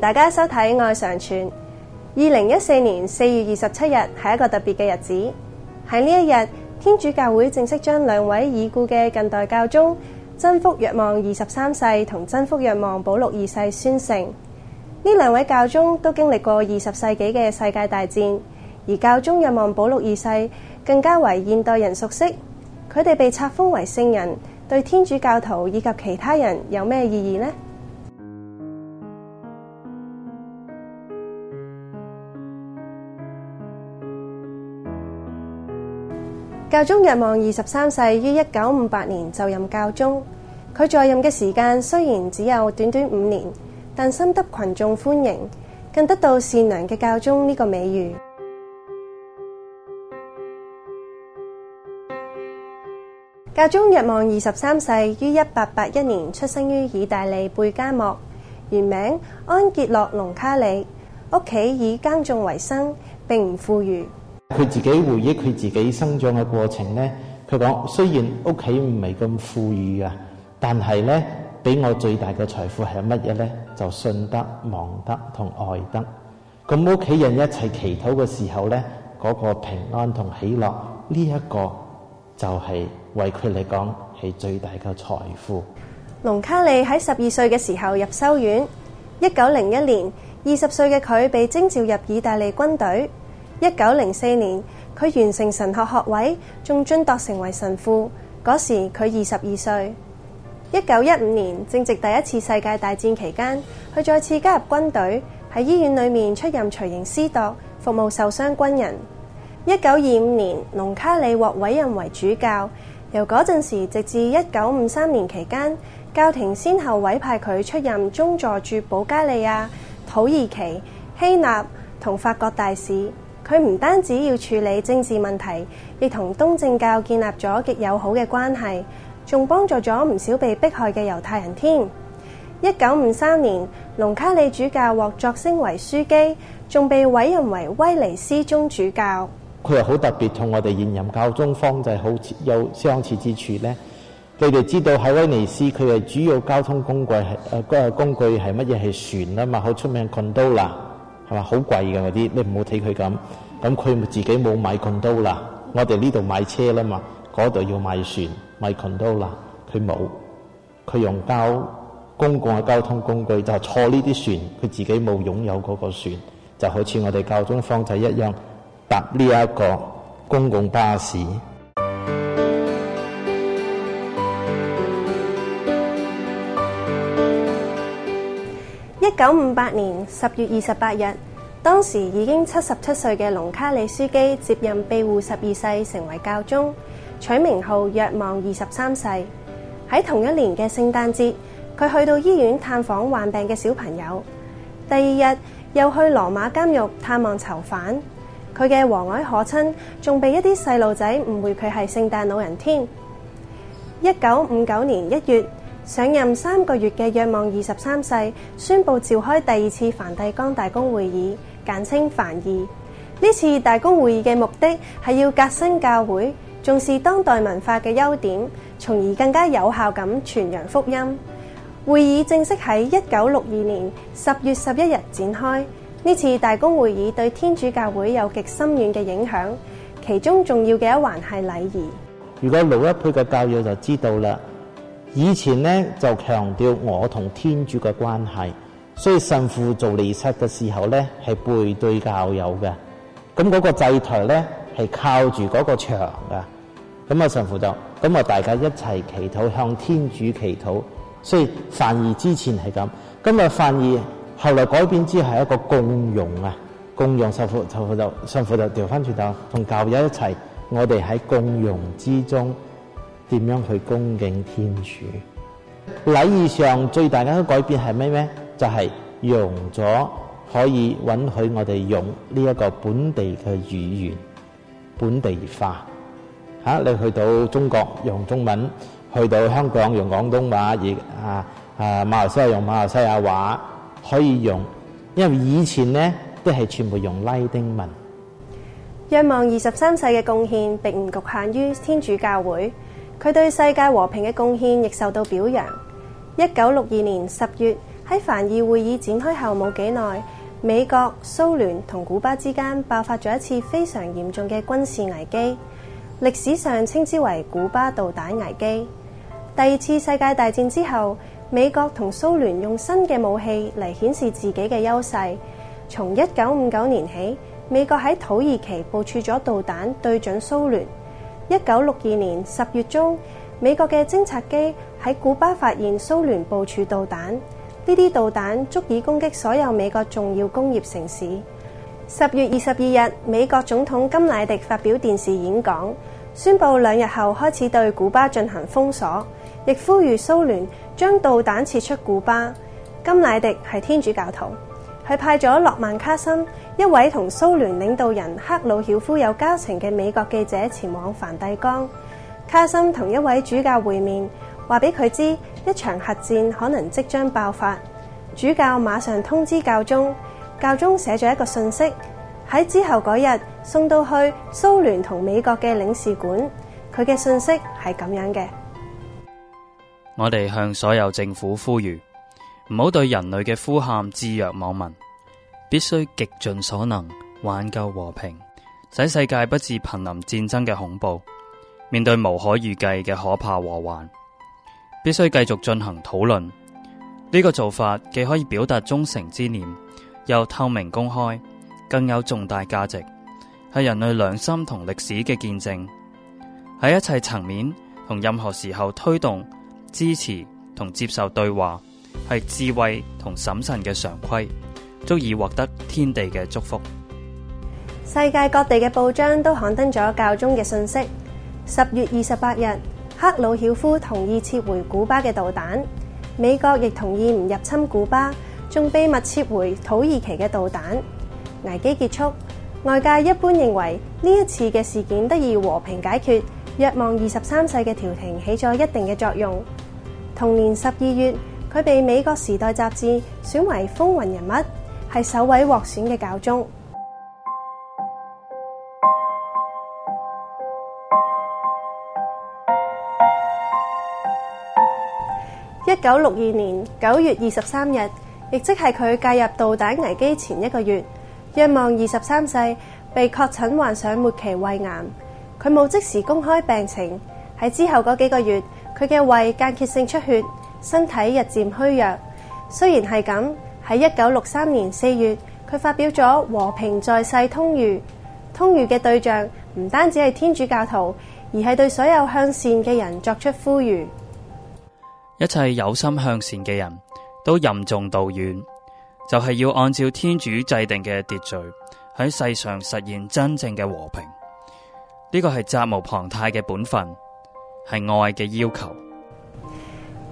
大家收睇《愛常傳》。二零一四年四月二十七日係一個特別嘅日子，喺呢一日，天主教會正式將兩位已故嘅近代教宗真福若望二十三世同真福若望保祿二世宣聖。呢兩位教宗都經歷過二十世紀嘅世界大戰，而教宗若望保祿二世更加為現代人熟悉。佢哋被冊封為聖人，對天主教徒以及其他人有咩意義呢？教宗若望二十三世於一九五八年就任教宗，佢在任嘅時間雖然只有短短五年，但深得群眾歡迎，更得到善良嘅教宗呢個美譽。教宗若望二十三世於一八八一年出生於意大利貝加莫，原名安傑洛·隆卡里，屋企以耕種為生，並唔富裕。佢自己回憶佢自己生長嘅過程呢，佢講，雖然屋企唔係咁富裕啊，但係呢，俾我最大嘅財富係乜嘢呢？就信德、望德同愛德。咁屋企人一齊祈禱嘅時候呢嗰、那個平安同喜樂呢一個就係、是、為佢嚟講係最大嘅財富。龍卡利喺十二歲嘅時候入修院，一九零一年二十歲嘅佢被徵召入意大利軍隊。一九零四年，佢完成神學學位，仲晉鐸成為神父。嗰時佢二十二歲。一九一五年，正值第一次世界大戰期間，佢再次加入軍隊，喺醫院裏面出任隨營司鐸，服務受傷軍人。一九二五年，龍卡里獲委任為主教。由嗰陣時直至一九五三年期間，教廷先後委派佢出任宗座駐保加利亞、土耳其、希臘同法國大使。佢唔單止要處理政治問題，亦同東正教建立咗極友好嘅關係，仲幫助咗唔少被迫害嘅猶太人添。一九五三年，隆卡里主教獲擢升為樞機，仲被委任為威尼斯宗主教。佢又好特別，同我哋現任教宗方濟好有相似之處呢，佢哋知道喺威尼斯，佢係主要交通工具係誒工具係乜嘢係船啊嘛，好出名昆都啦。係嘛？好貴㗎嗰啲，你唔好睇佢咁。咁佢自己冇買昆刀啦。我哋呢度買車啦嘛，嗰度要買船、買昆刀啦。佢冇，佢用交公共嘅交通工具，就坐呢啲船。佢自己冇擁有嗰個船，就好似我哋教宗方仔一樣，搭呢一個公共巴士。一九五八年十月二十八日，當時已經七十七歲嘅隆卡里樞機接任庇護十二世，成為教宗，取名號若望二十三世。喺同一年嘅聖誕節，佢去到醫院探訪患病嘅小朋友，第二日又去羅馬監獄探望囚犯。佢嘅和藹可親，仲被一啲細路仔誤會佢係聖誕老人添。一九五九年一月。上任三個月嘅若望二十三世宣布召開第二次梵蒂岡大公會議，簡稱梵二。呢次大公會議嘅目的係要革新教會，重視當代文化嘅優點，從而更加有效咁傳揚福音。會議正式喺一九六二年十月十一日展開。呢次大公會議對天主教會有極深遠嘅影響，其中重要嘅一環係禮儀。如果老一輩嘅教友就知道啦。以前咧就強調我同天主嘅關係，所以神父做禮儀嘅時候咧係背對教友嘅。咁嗰個祭台咧係靠住嗰個牆嘅。咁啊神父就，咁啊大家一齊祈禱，向天主祈禱。所以梵二之前係咁，今日梵二後來改變之後係一個共融啊，共融神父就神父就掉翻轉頭，同教友一齊，我哋喺共融之中。點樣去恭敬天主？禮儀上最大嘅改變係咩咩？就係用咗可以允許我哋用呢一個本地嘅語言，本地化、啊、你去到中國用中文，去到香港用廣東話，而啊啊馬來西亞用馬來西亞話，可以用。因為以前呢，都係全部用拉丁文。若望二十三世嘅貢獻並唔局限於天主教會。佢對世界和平嘅貢獻亦受到表揚。一九六二年十月，喺凡爾會議展開後冇幾耐，美國、蘇聯同古巴之間爆發咗一次非常嚴重嘅軍事危機，歷史上稱之為古巴導彈危機。第二次世界大戰之後，美國同蘇聯用新嘅武器嚟顯示自己嘅優勢。從一九五九年起，美國喺土耳其部署咗導彈對準蘇聯。一九六二年十月中，美國嘅偵察機喺古巴發現蘇聯部署導彈，呢啲導彈足以攻擊所有美國重要工業城市。十月二十二日，美國總統金乃迪發表電視演講，宣布兩日後開始對古巴進行封鎖，亦呼籲蘇聯將導彈撤出古巴。金乃迪係天主教徒。佢派咗諾曼卡森，一位同蘇聯領導人赫魯曉夫有交情嘅美國記者，前往梵蒂岡。卡森同一位主教會面，話俾佢知一場核戰可能即將爆發。主教馬上通知教宗，教宗寫咗一個信息，喺之後嗰日送到去蘇聯同美國嘅領事館。佢嘅信息係咁樣嘅：我哋向所有政府呼籲。唔好對人類嘅呼喊，置若罔聞，必須極盡所能挽救和平，使世界不至瀕臨戰爭嘅恐怖。面對無可預計嘅可怕禍患，必須繼續進行討論。呢、這個做法既可以表達忠誠之念，又透明公開，更有重大價值，係人類良心同歷史嘅見證。喺一切層面同任何時候推動、支持同接受對話，係智慧同審慎嘅常規，足以獲得天地嘅祝福。世界各地嘅報章都刊登咗教宗嘅信息。十月二十八日，克魯曉夫同意撤回古巴嘅導彈，美國亦同意唔入侵古巴，仲秘密撤回土耳其嘅導彈。危機結束，外界一般認為呢一次嘅事件得以和平解決，若望二十三世嘅調停起咗一定嘅作用。同年十二月。佢被美國時代雜誌選為風雲人物，係首位獲選嘅教宗。一九六二年九月二十三日，亦即係佢介入導彈危機前一個月，約望二十三世被確診患上末期胃癌。佢冇即時公開病情，喺之後嗰幾個月，佢嘅胃間歇性出血。身體日漸虛弱，雖然係咁，喺一九六三年四月，佢發表咗《和平在世通諭》，通諭嘅對象唔單止係天主教徒，而係對所有向善嘅人作出呼籲。一切有心向善嘅人都任重道遠，就係要按照天主制定嘅秩序喺世上實現真正嘅和平。呢個係責無旁貸嘅本分，係愛嘅要求。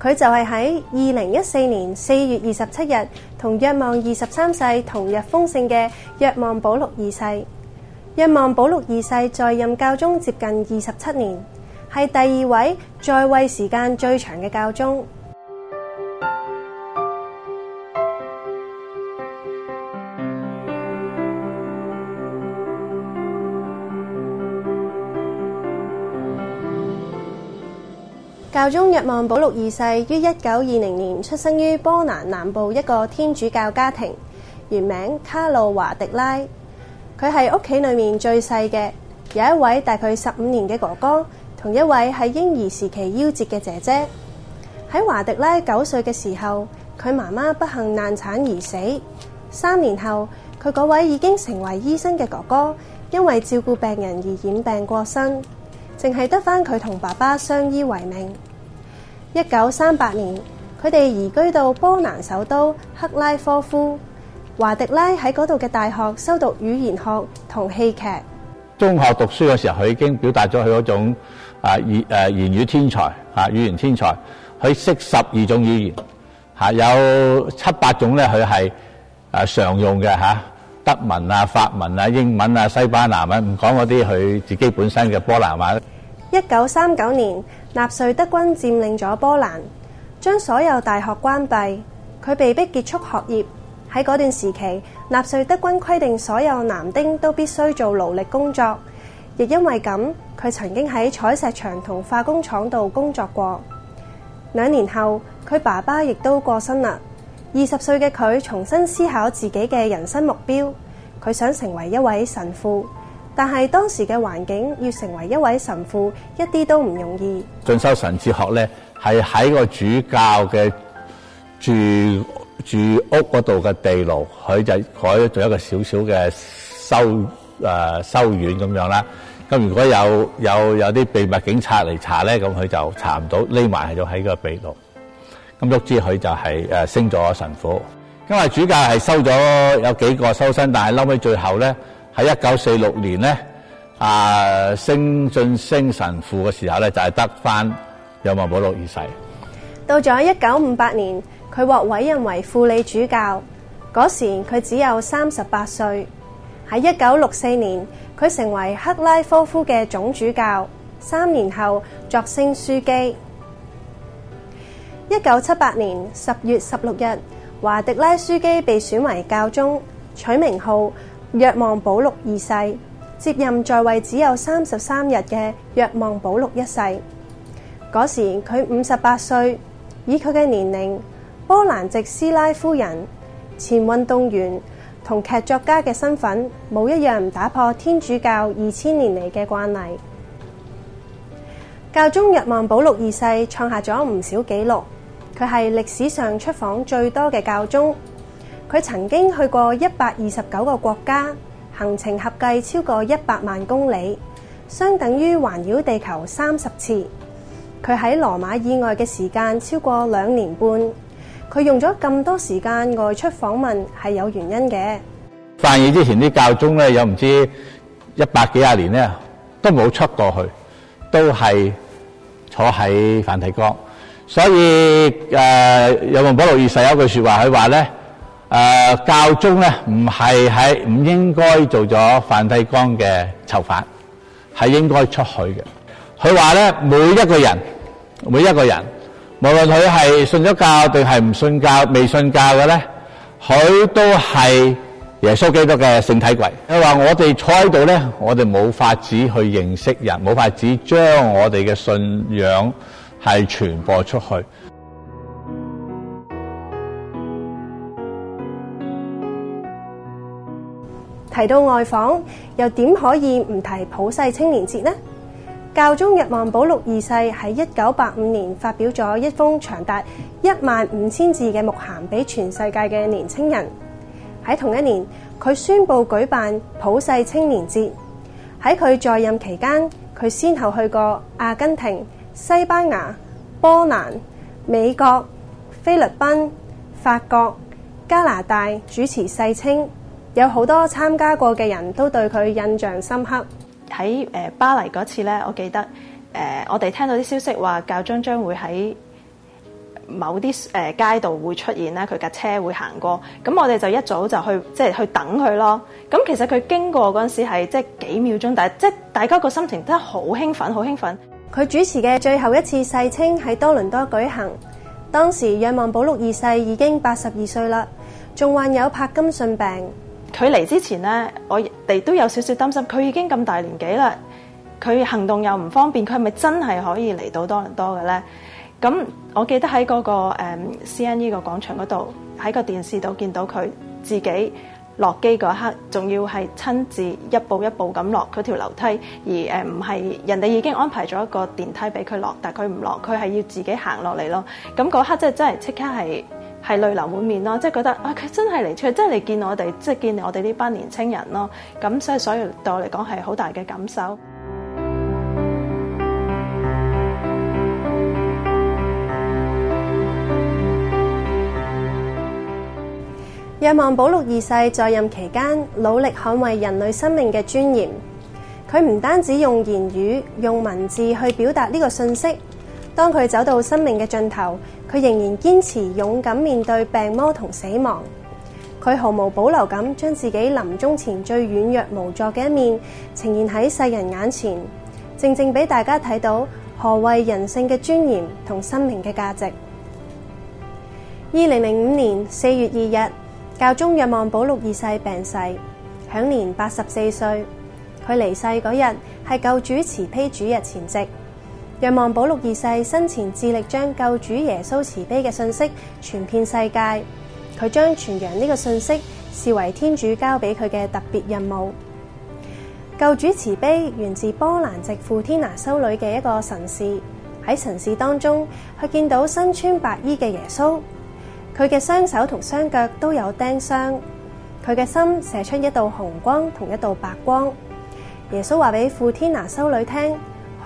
佢就係喺二零一四年四月二十七日同若望二十三世同日封聖嘅若望保祿二世。若望保祿二世在任教宗接近二十七年，係第二位在位時間最長嘅教宗。教宗若望保祿二世於一九二零年出生於波蘭南部一個天主教家庭，原名卡路華迪拉。佢係屋企裏面最細嘅，有一位大概十五年嘅哥哥，同一位喺嬰兒時期夭折嘅姐姐。喺華迪拉九歲嘅時候，佢媽媽不幸難產而死。三年後，佢嗰位已經成為醫生嘅哥哥，因為照顧病人而染病過身，淨係得翻佢同爸爸相依為命。一九三八年，佢哋移居到波蘭首都克拉科夫。華迪拉喺嗰度嘅大學修讀語言學同戲劇。中學讀書嘅時候，佢已經表達咗佢嗰種啊，語誒言語天才啊，語言天才。佢識十二種語言，吓有七八種咧，佢係誒常用嘅吓，德文啊、法文啊、英文啊、西班牙文。唔講嗰啲佢自己本身嘅波蘭話。一九三九年，納粹德軍佔領咗波蘭，將所有大學關閉，佢被迫結束學業。喺嗰段時期，納粹德軍規定所有男丁都必須做勞力工作，亦因為咁，佢曾經喺採石場同化工廠度工作過。兩年後，佢爸爸亦都過身啦。二十歲嘅佢重新思考自己嘅人生目標，佢想成為一位神父。但係當時嘅環境，要成為一位神父，一啲都唔容易。進修神哲學咧，係喺個主教嘅住住屋嗰度嘅地牢，佢就改咗做一個少少嘅修誒、呃、修院咁樣啦。咁如果有有有啲秘密警察嚟查咧，咁佢就查唔到，匿埋喺度喺個地牢。咁喐之佢就係誒、就是呃、升咗神父。因為主教係收咗有幾個修生，但係嬲尾最後咧。喺一九四六年咧，啊升進升神父嘅時候咧，就係、是、得翻有冇保祿二世。到咗一九五八年，佢獲委任為輔理主教，嗰時佢只有三十八歲。喺一九六四年，佢成為克拉科夫嘅總主教，三年後擢升樞機。一九七八年十月十六日，華迪拉樞機被選為教宗，取名號。若望保祿二世接任在位只有三十三日嘅若望保祿一世，嗰時佢五十八歲，以佢嘅年齡，波蘭籍斯拉夫人、前運動員同劇作家嘅身份，冇一樣唔打破天主教二千年嚟嘅慣例。教宗若望保祿二世創下咗唔少紀錄，佢係歷史上出訪最多嘅教宗。佢曾經去過一百二十九個國家，行程合計超過一百萬公里，相等於環繞地球三十次。佢喺羅馬以外嘅時間超過兩年半。佢用咗咁多時間外出訪問係有原因嘅。梵二之前啲教宗咧，有唔知一百幾廿年咧，都冇出過去，都係坐喺梵蒂岡。所以，呃，若望保祿二世有句說話，佢話咧？誒、呃、教宗咧，唔係喺唔應該做咗梵蒂岡嘅囚犯，係應該出去嘅。佢話咧，每一個人，每一個人，無論佢係信咗教定係唔信教、未信教嘅咧，佢都係耶穌基督嘅聖體櫃。佢話：我哋坐喺度咧，我哋冇法子去認識人，冇法子將我哋嘅信仰係傳播出去。提到外訪，又點可以唔提普世青年節呢？教宗若望保祿二世喺一九八五年發表咗一封長達一萬五千字嘅牧函俾全世界嘅年輕人。喺同一年，佢宣布舉辦普世青年節。喺佢在任期間，佢先後去過阿根廷、西班牙、波蘭、美國、菲律賓、法國、加拿大主持世青。有好多參加過嘅人都對佢印象深刻。喺巴黎嗰次呢，我記得我哋聽到啲消息話，教宗將會喺某啲街道會出現咧，佢架車會行過。咁我哋就一早就去，即係去等佢咯。咁其實佢經過嗰陣時係即係幾秒鐘，但即大家個心情都好興奮，好興奮。佢主持嘅最後一次世青喺多倫多舉行，當時若望保祿二世已經八十二歲啦，仲患有柏金遜病。佢嚟之前呢，我哋都有少少擔心。佢已經咁大年紀啦，佢行動又唔方便，佢係咪真係可以嚟到多倫多嘅呢？咁我記得喺嗰個誒 CNE 個廣場嗰度，喺個電視度見到佢自己落機嗰刻，仲要係親自一步一步咁落嗰條樓梯，而誒唔係人哋已經安排咗一個電梯俾佢落，但佢唔落，佢係要自己行落嚟咯。咁嗰刻即係真係即刻係。係淚流滿面咯，即係覺得啊，佢真係嚟出，真係嚟見我哋，即係見我哋呢班年青人咯。咁所以，所以對我嚟講係好大嘅感受。若望保禄二世在任期間，努力捍衛人類生命嘅尊嚴。佢唔單止用言語、用文字去表達呢個信息，當佢走到生命嘅盡頭，佢仍然堅持勇敢面對病魔同死亡，佢毫無保留咁將自己臨終前最軟弱無助嘅一面呈現喺世人眼前，正正俾大家睇到何謂人性嘅尊嚴同生命嘅價值。二零零五年四月二日，教宗若望保祿二世病逝，享年八十四歲。佢離世嗰日係救主慈悲主日前夕。若望保祿二世生前致力將救主耶穌慈悲嘅信息傳遍世界，佢將傳揚呢個信息視為天主交俾佢嘅特別任務。救主慈悲源自波蘭籍傅天娜修女嘅一個神視，喺神視當中，佢見到身穿白衣嘅耶穌，佢嘅雙手同雙腳都有釘傷，佢嘅心射出一道紅光同一道白光。耶穌話俾傅天娜修女聽。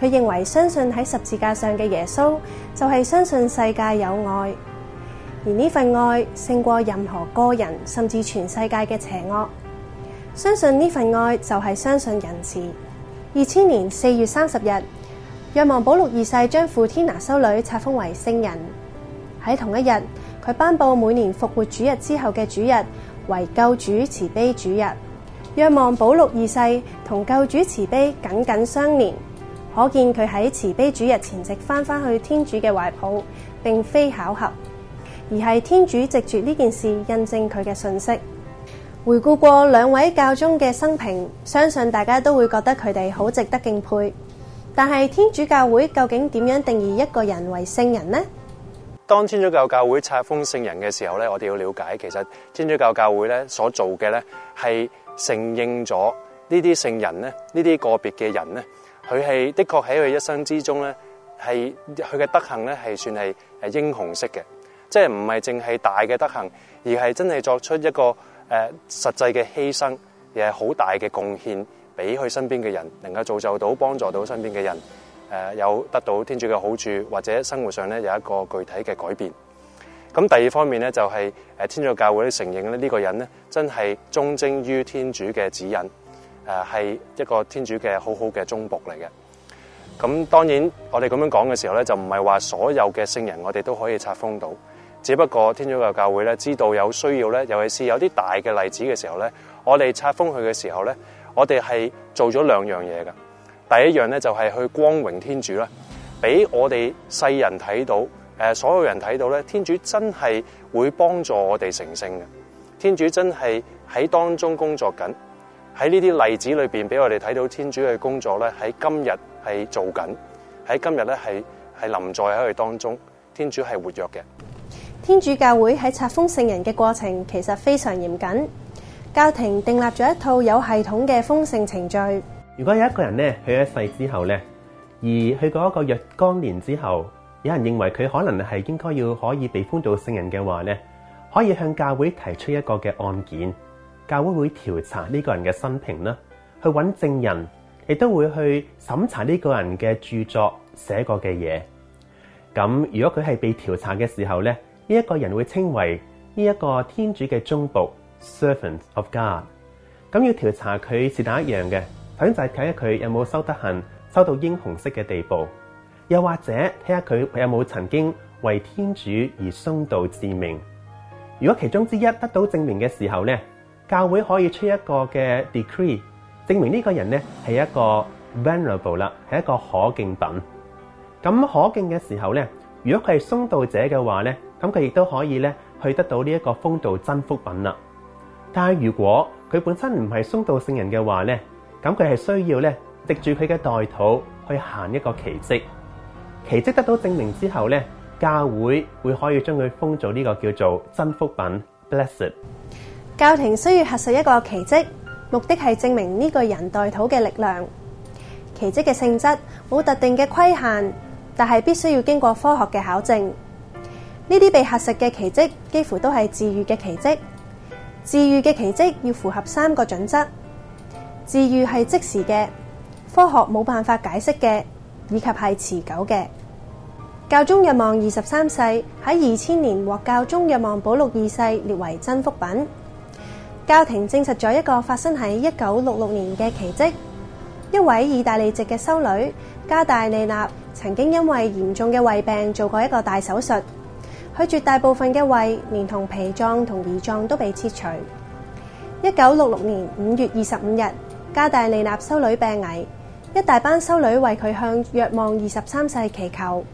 佢認為相信喺十字架上嘅耶穌，就係相信世界有愛，而呢份愛勝過任何個人甚至全世界嘅邪惡。相信呢份愛就係相信仁慈。二千年四月三十日，若望保祿二世將傅天娜修女冊封為聖人。喺同一日，佢頒布每年復活主日之後嘅主日為救主慈悲主日。若望保祿二世同救主慈悲緊緊相連。可見佢喺慈悲主日前夕翻返去天主嘅懷抱，並非巧合，而係天主藉住呢件事印證佢嘅信息。回顧過兩位教宗嘅生平，相信大家都會覺得佢哋好值得敬佩。但係天主教會究竟點樣定義一個人為聖人呢？當天主教教會冊封聖人嘅時候咧，我哋要了解，其實天主教教會咧，所做嘅咧係承認咗呢啲聖人咧，呢啲個別嘅人佢係的確喺佢一生之中咧，係佢嘅德行咧係算係誒英雄式嘅，即係唔係淨係大嘅德行，而係真係作出一個誒實際嘅犧牲，亦係好大嘅貢獻，俾佢身邊嘅人能夠造就到、幫助到身邊嘅人，誒有得到天主嘅好處，或者生活上咧有一個具體嘅改變。咁第二方面咧就係誒天，天主教會咧承認咧呢個人咧真係忠貞於天主嘅指引。誒，係一個天主嘅好好嘅忠僕嚟嘅。咁當然，我哋咁樣講嘅時候咧，就唔係話所有嘅聖人我哋都可以拆封到。只不過天主教教會咧，知道有需要咧，尤其是有啲大嘅例子嘅時候咧，我哋拆封佢嘅時候咧，我哋係做咗兩樣嘢㗎。第一樣咧就係去光榮天主啦，俾我哋世人睇到，誒所有人睇到咧，天主真係會幫助我哋成聖嘅。天主真係喺當中工作緊。喺呢啲例子裏邊，俾我哋睇到天主嘅工作咧，喺今日係做緊，喺今日咧係係臨在喺佢當中，天主係活躍嘅。天主教會喺冊封聖人嘅過程，其實非常嚴謹，教廷訂立咗一套有系統嘅封聖程序。如果有一個人咧，去一世之後咧，而去過一個若干年之後，有人認為佢可能係應該要可以被封到聖人嘅話咧，可以向教會提出一個嘅案件。教會會調查呢個人嘅生平啦，去揾證人，亦都會去審查呢個人嘅著作寫過嘅嘢。咁如果佢係被調查嘅時候咧，呢一個人會稱為呢一個天主嘅忠僕 （servant of God）。咁要調查佢是但一樣嘅，反正就係睇下佢有冇修德，修到英雄式嘅地步，又或者睇下佢有冇曾經為天主而殉道致命。如果其中之一得到證明嘅時候咧，教會可以出一個嘅 decree，證明呢個人咧係一個 venerable 啦，係一個可敬品。咁可敬嘅時候咧如果佢係松道者嘅話咧，咁佢亦都可以咧去得到呢一個封道真福品啦。但係如果佢本身唔係殉道聖人嘅話咧，咁佢係需要咧藉住佢嘅代禱去行一個奇迹。奇迹得到證明之後咧教會會可以將佢封做呢個叫做真福品 （blessed）。教廷需要核實一個奇迹，目的係證明呢個人代禱嘅力量。奇迹嘅性質冇特定嘅規限，但係必須要經過科學嘅考證。呢啲被核實嘅奇迹幾乎都係治愈嘅奇迹。治愈嘅奇迹要符合三個準則：治愈係即時嘅，科學冇辦法解釋嘅，以及係持久嘅。教宗若望二十三世喺二千年獲教宗若望保禄二世列為真福品。教廷證實咗一個發生喺一九六六年嘅奇迹。一位意大利籍嘅修女加大利納曾經因為嚴重嘅胃病做過一個大手術，佢絕大部分嘅胃連同脾臟同胰臟都被切除。一九六六年五月二十五日，加大利納修女病危，一大班修女為佢向若望二十三世祈求。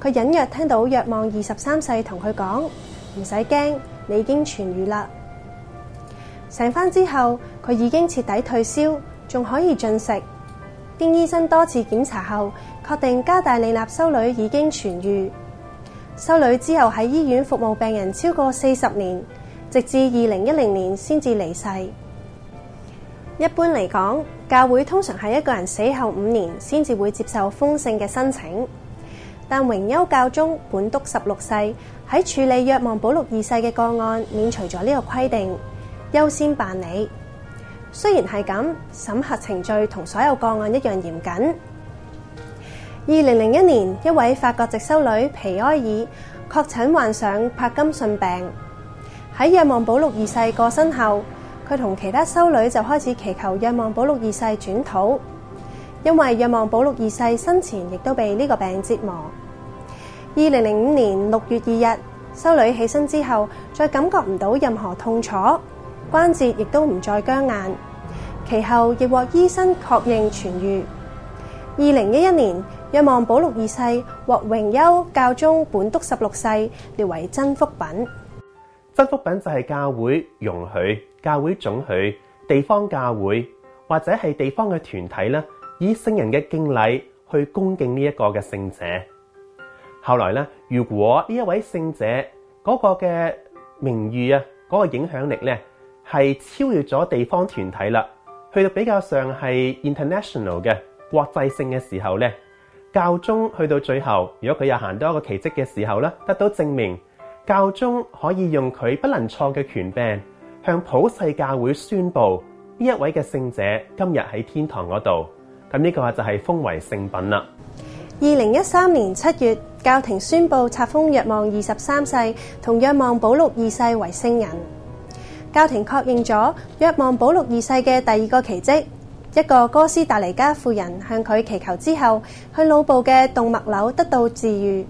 佢隱約聽到若望二十三世同佢講：唔使驚，你已經痊愈啦。醒翻之後，佢已經徹底退燒，仲可以進食。經醫生多次檢查後，確定加大利納修女已經痊愈。修女之後喺醫院服務病人超過四十年，直至二零一零年先至離世。一般嚟講，教會通常係一個人死後五年先至會接受封聖嘅申請，但榮休教宗本篤十六世喺處理若望保祿二世嘅個案，免除咗呢個規定。優先辦理，雖然係咁，審核程序同所有個案一樣嚴謹。二零零一年，一位法國籍修女皮埃爾確診患上帕金遜病在。喺若望保禄二世過身後，佢同其他修女就開始祈求若望保禄二世轉禱，因為若望保禄二世生前亦都被呢個病折磨。二零零五年六月二日，修女起身之後，再感覺唔到任何痛楚。關節亦都唔再僵硬，其後亦獲醫生確認痊癒。二零一一年，若望保祿二世獲榮休教宗本篤十六世列為真福品。真福品就係教會容許，教會准許地方教會或者係地方嘅團體咧，以聖人嘅敬禮去恭敬呢一個嘅聖者。後來咧，如果呢一位聖者嗰個嘅名譽啊，嗰個影響力咧。係超越咗地方團體啦，去到比較上係 international 嘅國際性嘅時候呢，教宗去到最後，如果佢又行多一個奇蹟嘅時候咧，得到證明，教宗可以用佢不能錯嘅權柄，向普世教會宣佈呢一位嘅聖者今日喺天堂嗰度，咁呢個就係封為聖品啦。二零一三年七月，教廷宣佈冊封約望二十三世同約望保祿二世為聖人。教廷確認咗若望保禄二世嘅第二個奇跡，一個哥斯達黎加婦人向佢祈求之後，去腦部嘅動脈瘤得到治癒。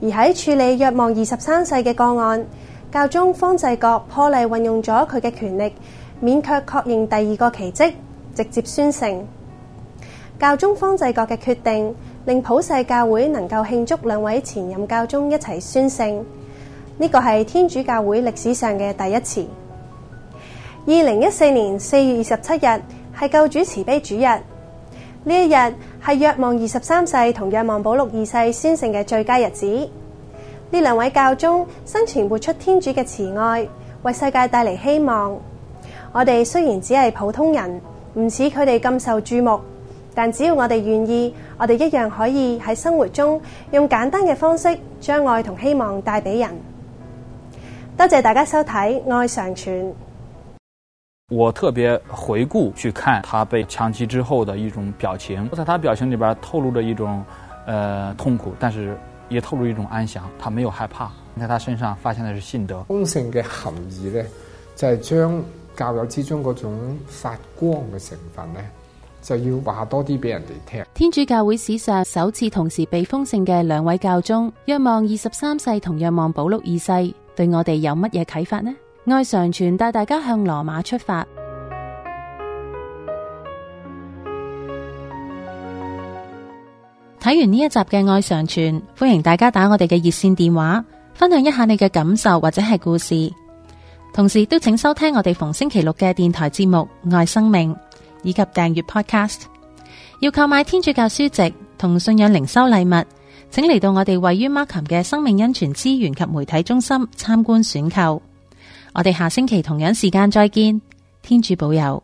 而喺處理若望二十三世嘅個案，教宗方濟國破例運用咗佢嘅權力，勉強確認第二個奇跡，直接宣聖。教宗方濟國嘅決定令普世教會能夠慶祝兩位前任教宗一齊宣聖，呢個係天主教會歷史上嘅第一次。二零一四年四月二十七日係救主慈悲主日，呢一日係若望二十三世同若望保禄二世先聖嘅最佳日子。呢兩位教宗生前活出天主嘅慈愛，為世界帶嚟希望。我哋雖然只係普通人，唔似佢哋咁受注目，但只要我哋願意，我哋一樣可以喺生活中用簡單嘅方式將愛同希望帶俾人。多謝大家收睇《愛常存》。我特別回顧去看他被槍擊之後的一種表情，我在他表情裏邊透露着一種，呃，痛苦，但是也透露一種安詳。他沒有害怕，在他身上發現的是信德。封聖嘅含義呢，就係、是、將教友之中嗰種發光嘅成分呢，就要話多啲俾人哋聽。天主教會史上首次同時被封聖嘅兩位教宗，約望二十三世同約望保禄二世，對我哋有乜嘢啟發呢？愛常傳帶大家向羅馬出發。睇完呢一集嘅《愛常傳》，歡迎大家打我哋嘅熱線電話，分享一下你嘅感受或者係故事。同時都請收聽我哋逢星期六嘅電台節目《愛生命》，以及訂閱 Podcast。要購買天主教書籍同信仰靈修禮物，請嚟到我哋位於 Markham 嘅生命恩泉資源及媒體中心參觀選購。我哋下星期同樣時間再見，天主保佑。